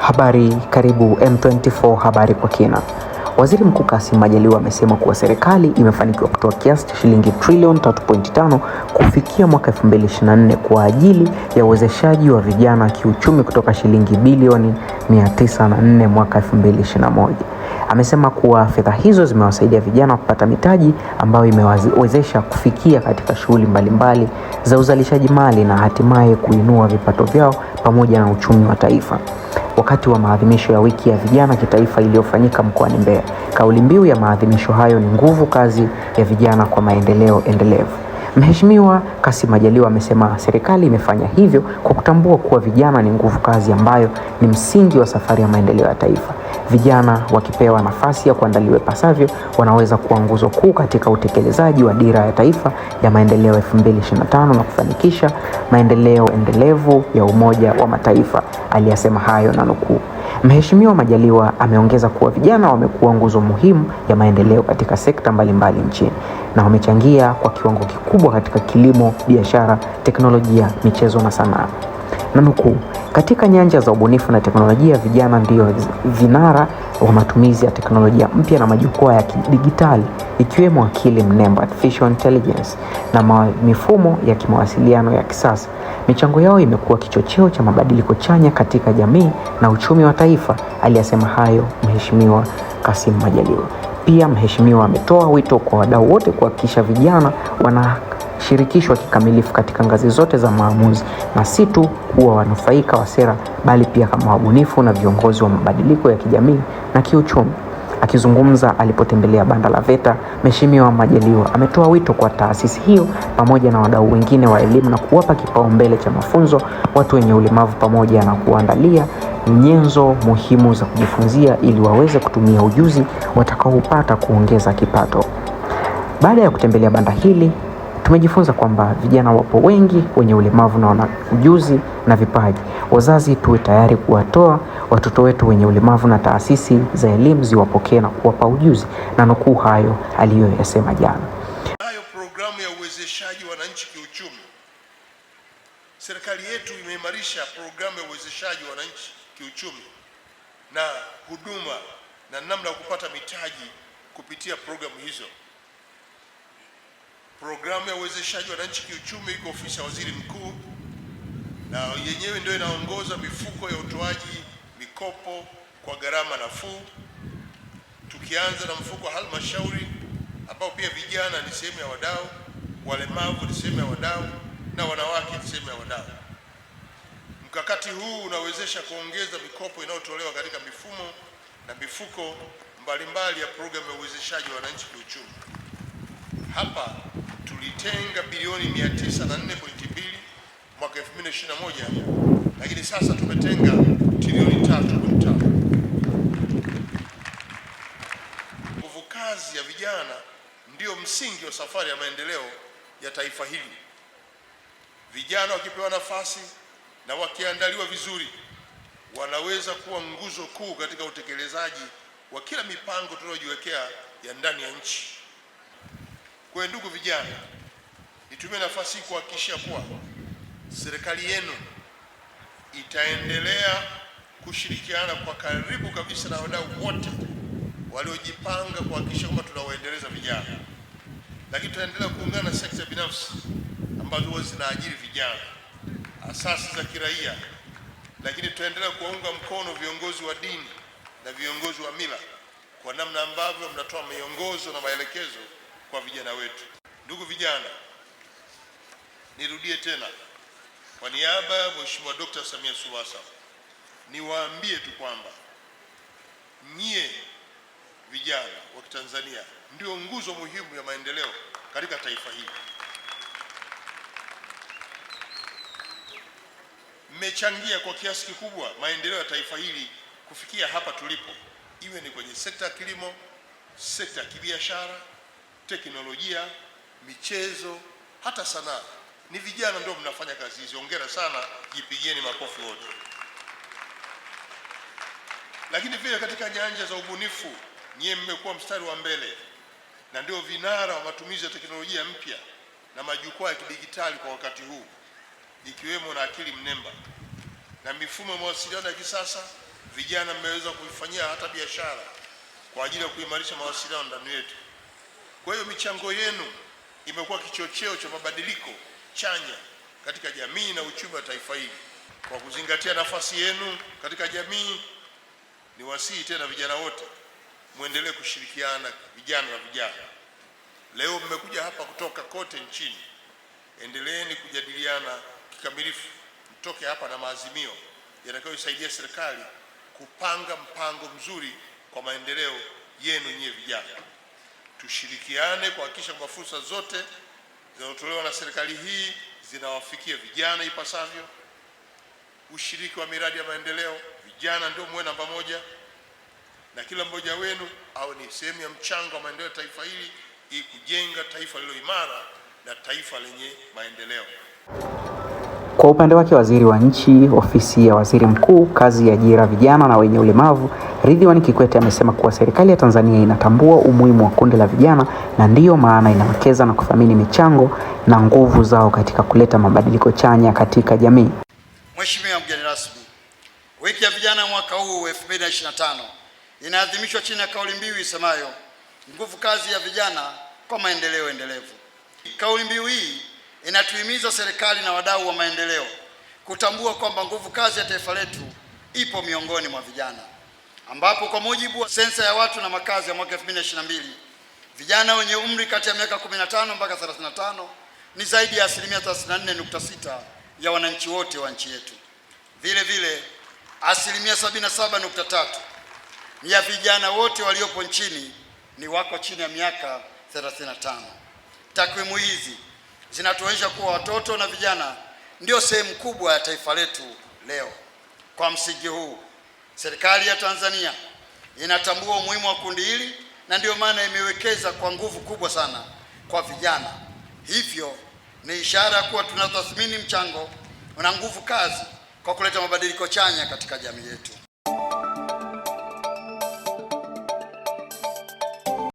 Habari, karibu M24 habari kwa kina. Waziri Mkuu Kassim Majaliwa amesema kuwa serikali imefanikiwa kutoa kiasi cha shilingi trilioni 3.5 kufikia mwaka 2024 kwa ajili ya uwezeshaji wa vijana kiuchumi kutoka shilingi bilioni 904 mwaka 2021. Amesema kuwa fedha hizo zimewasaidia vijana kupata mitaji ambayo imewawezesha kufikia katika shughuli mbalimbali za uzalishaji mali na hatimaye kuinua vipato vyao pamoja na uchumi wa taifa wakati wa maadhimisho ya wiki ya vijana kitaifa iliyofanyika mkoani Mbeya. Kauli mbiu ya maadhimisho hayo ni nguvu kazi ya vijana kwa maendeleo endelevu. Mheshimiwa Kassim Majaliwa amesema serikali imefanya hivyo kwa kutambua kuwa vijana ni nguvu kazi ambayo ni msingi wa safari ya maendeleo ya taifa vijana wakipewa nafasi ya kuandaliwa ipasavyo, wanaweza kuwa nguzo kuu katika utekelezaji wa Dira ya Taifa ya Maendeleo 2025 na kufanikisha maendeleo endelevu ya Umoja wa Mataifa. Aliyasema hayo na nukuu. Mheshimiwa Majaliwa ameongeza kuwa vijana wamekuwa nguzo muhimu ya maendeleo katika sekta mbalimbali mbali nchini na wamechangia kwa kiwango kikubwa katika kilimo, biashara, teknolojia, michezo na sanaa na nukuu katika nyanja za ubunifu na teknolojia, vijana ndiyo vinara wa matumizi ya teknolojia mpya na majukwaa ya kidigitali ikiwemo akili mnemba, artificial intelligence, na mifumo ya kimawasiliano ya kisasa. Michango yao imekuwa kichocheo cha mabadiliko chanya katika jamii na uchumi wa taifa. Aliyasema hayo Mheshimiwa Kassim Majaliwa. Pia mheshimiwa ametoa wito kwa wadau wote kuhakikisha vijana wana kushirikishwa kikamilifu katika ngazi zote za maamuzi na si tu kuwa wanufaika wa sera bali pia kama wabunifu na viongozi wa mabadiliko ya kijamii na kiuchumi. Akizungumza alipotembelea banda la VETA, Mheshimiwa Majaliwa ametoa wito kwa taasisi hiyo pamoja na wadau wengine wa elimu na kuwapa kipaumbele cha mafunzo watu wenye ulemavu pamoja na kuandalia nyenzo muhimu za kujifunzia ili waweze kutumia ujuzi watakaoupata kuongeza kipato. Baada ya kutembelea banda hili Tumejifunza kwamba vijana wapo wengi wenye ulemavu na wana ujuzi na vipaji. Wazazi tuwe tayari kuwatoa watoto wetu wenye ulemavu na taasisi za elimu ziwapokee na kuwapa ujuzi na nukuu hayo aliyoyasema jana. Hayo programu ya uwezeshaji wananchi kiuchumi, serikali yetu imeimarisha programu ya uwezeshaji wananchi kiuchumi na huduma na namna ya kupata mitaji kupitia programu hizo. Programu ya uwezeshaji wananchi kiuchumi iko ofisi ya waziri mkuu, na yenyewe ndio inaongoza mifuko ya utoaji mikopo kwa gharama nafuu, tukianza na mfuko wa halmashauri ambao pia vijana ni sehemu ya wadau, walemavu ni sehemu ya wadau na wanawake ni sehemu ya wadau. Mkakati huu unawezesha kuongeza mikopo inayotolewa katika mifumo na mifuko mbalimbali ya programu ya uwezeshaji wa wananchi kiuchumi hapa tulitenga bilioni 904.2 mwaka 2021, lakini sasa tumetenga trilioni 3.5. Nguvu kazi ya vijana ndiyo msingi wa safari ya maendeleo ya taifa hili. Vijana wakipewa nafasi na wakiandaliwa vizuri, wanaweza kuwa nguzo kuu katika utekelezaji wa kila mipango tunayojiwekea ya ndani ya nchi. Kwa hiyo ndugu vijana, nitumie nafasi hii kuhakikishia kuwa serikali yenu itaendelea kushirikiana kwa karibu kabisa na wadau wote waliojipanga kuhakikisha kwamba tunawaendeleza vijana, lakini tutaendelea kuungana na sekta binafsi ambazo huwa zinaajiri vijana, asasi za kiraia, lakini tutaendelea kuwaunga mkono viongozi wa dini na viongozi wa mila kwa namna ambavyo mnatoa miongozo na maelekezo kwa vijana wetu. Ndugu vijana, nirudie tena kwa niaba ya Mheshimiwa Dkt. Samia Suluhu Hassan niwaambie tu kwamba nyie vijana wa Kitanzania ndio nguzo muhimu ya maendeleo katika taifa hili. Mmechangia kwa kiasi kikubwa maendeleo ya taifa hili kufikia hapa tulipo, iwe ni kwenye sekta ya kilimo, sekta ya kibiashara teknolojia, michezo, hata sanaa. Ni vijana ndio mnafanya kazi hizi. ongera sana, jipigieni makofi wote. Lakini vile katika nyanja za ubunifu, nyie mmekuwa mstari wa mbele na ndio vinara wa matumizi ya teknolojia mpya na majukwaa ya kidigitali kwa wakati huu, ikiwemo na akili mnemba na mifumo ya mawasiliano ya kisasa. Vijana mmeweza kuifanyia hata biashara kwa ajili ya kuimarisha mawasiliano ndani yetu. Kwa hiyo michango yenu imekuwa kichocheo cha mabadiliko chanya katika jamii na uchumi wa taifa hili. Kwa kuzingatia nafasi yenu katika jamii, ni wasihi tena vijana wote mwendelee kushirikiana vijana na vijana. Leo mmekuja hapa kutoka kote nchini, endeleeni kujadiliana kikamilifu, mtoke hapa na maazimio yatakayoisaidia serikali kupanga mpango mzuri kwa maendeleo yenu nyiye vijana tushirikiane kuhakikisha kwamba fursa zote zinazotolewa na serikali hii zinawafikia vijana ipasavyo. Ushiriki wa miradi ya maendeleo, vijana ndio muwe namba moja, na kila mmoja wenu au ni sehemu ya mchango wa maendeleo ya taifa hili ili kujenga taifa lililo imara na taifa lenye maendeleo. Kwa upande wake, waziri wa nchi ofisi ya waziri mkuu, kazi ya ajira, vijana na wenye ulemavu, Ridhiwani Kikwete amesema kuwa serikali ya Tanzania inatambua umuhimu wa kundi la vijana na ndiyo maana inawekeza na kuthamini michango na nguvu zao katika kuleta mabadiliko chanya katika jamii. Mheshimiwa mgeni rasmi, wiki ya vijana mwaka huu 2025 inaadhimishwa chini ya kauli mbiu isemayo nguvu kazi ya vijana kwa maendeleo endelevu. Kauli mbiu hii inatuhimiza serikali na wadau wa maendeleo kutambua kwamba nguvu kazi ya taifa letu ipo miongoni mwa vijana, ambapo kwa mujibu wa sensa ya watu na makazi ya mwaka 2022 vijana wenye umri kati ya miaka 15 mpaka 35 ni zaidi ya asilimia 34.6 ya wananchi wote wa nchi yetu. Vile vile asilimia 77.3 ni ya vijana wote waliopo nchini ni wako chini ya miaka 35. Takwimu hizi zinatuonyesha kuwa watoto na vijana ndio sehemu kubwa ya taifa letu leo. Kwa msingi huu, serikali ya Tanzania inatambua umuhimu wa kundi hili na ndiyo maana imewekeza kwa nguvu kubwa sana kwa vijana. Hivyo ni ishara ya kuwa tunathamini mchango na nguvu kazi kwa kuleta mabadiliko chanya katika jamii yetu.